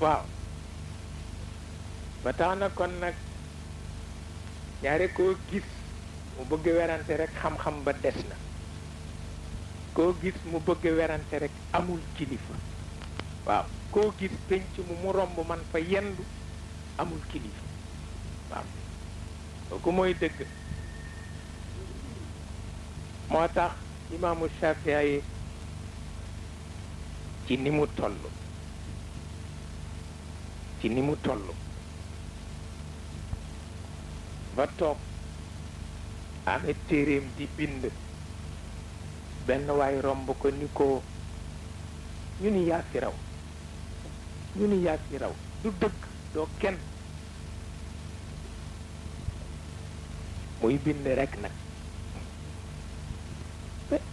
waaw ba tax na kon nag ñaare koo gis mu bëgg werante rekk xam-xam ba des na koo gis mu bëgg werante rek amul kilifa waaw koo gis penc mu mu romb man fa yendu amul kilifa waaw kooku mooy dëgg moo tax imaamu Shafii yi ci ni mu toll ci ni mu toll ba toog amee téeréem di bind benn waay romb ko ni ko ñu ni yaa fi raw ñu ni yaa fi raw du dëgg doo kenn muy bind rekk nag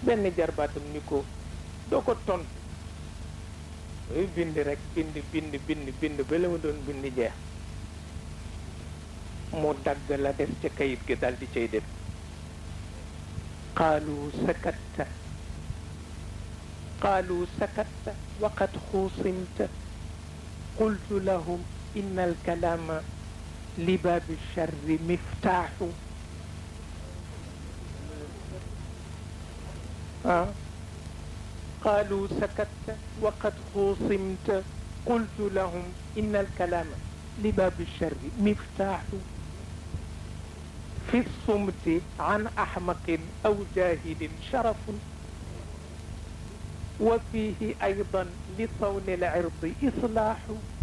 benn jarbaatam ni ko doo ko tontu bind rek bind bind bind bind ba la ma doon bind jeex mu dagg la def ca kayit gi dal di cay def قالوا سكت قالوا سكت وقد خوصمت قلت لهم إن الكلام لباب الشر مفتاح آه. قالوا سكت وقد خوصمت قلت لهم إن الكلام لباب الشر مفتاح في الصمت عن أحمق أو جاهل شرف وفيه أيضا لصون العرض إصلاح